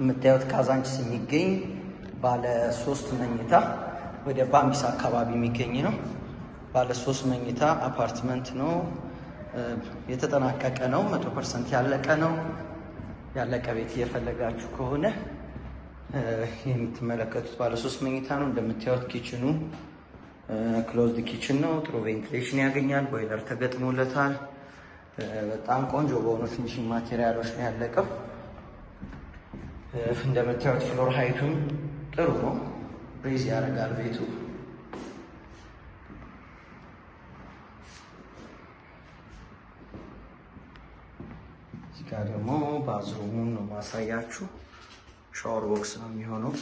የምታዩት ካዛንቺስ የሚገኝ ባለ ሶስት መኝታ ወደ ባምቢስ አካባቢ የሚገኝ ነው። ባለ ሶስት መኝታ አፓርትመንት ነው። የተጠናቀቀ ነው። መቶ ፐርሰንት ያለቀ ነው። ያለቀ ቤት እየፈለጋችሁ ከሆነ የምትመለከቱት ባለ ሶስት መኝታ ነው። እንደምታዩት ኪችኑ ክሎዝድ ኪችን ነው። ጥሩ ቬንቲሌሽን ያገኛል። ቦይለር ተገጥሞለታል። በጣም ቆንጆ በሆኑ ፊኒሽንግ ማቴሪያሎች ነው ያለቀው። እንደምታዩት ፍሎር ሀይቱም ጥሩ ነው። ሬዝ ያደርጋል ቤቱ። እዚህ ደግሞ ባዝሩሙን ነው ማሳያችሁ። ሻወር ቦክስ ነው የሚሆነው።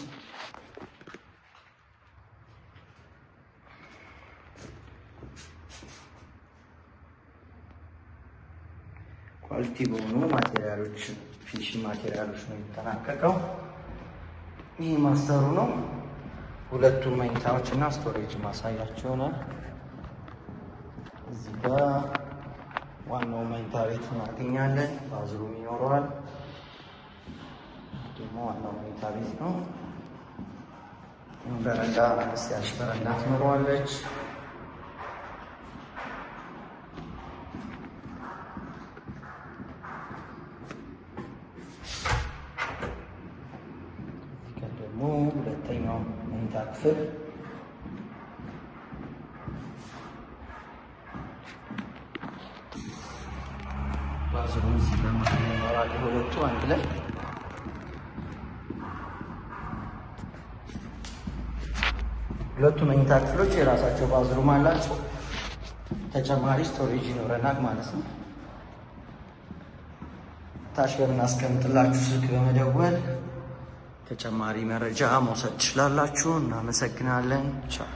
ኳሊቲ በሆኑ ማቴሪያሎች ፊኒሽንግ ማቴሪያሎች ነው የሚጠናቀቀው። ይህ ማስተሩ ነው። ሁለቱም መኝታዎች እና ስቶሬጅ ማሳያቸው ነው። እዚህ ጋ ዋናው መኝታ ቤት እናገኛለን። ባዝሩም ይኖረዋል። ደግሞ ዋናው መኝታ ቤት ነው። በረንዳ ስያሽ በረንዳ ትኖረዋለች። ደግሞ ሁለተኛው መኝታ ክፍል ባዝሩም እዚህ በመሀል ይኖራል። ሁለቱ አንድ ላይ ሁለቱ መኝታ ክፍሎች የራሳቸው ባዝሩም አላቸው። ተጨማሪ ስቶሬጅ ይኖረናል ማለት ነው። ታች በምናስቀምጥላችሁ ስልክ በመደወል ተጨማሪ መረጃ መውሰድ ትችላላችሁ። እናመሰግናለን። ቻው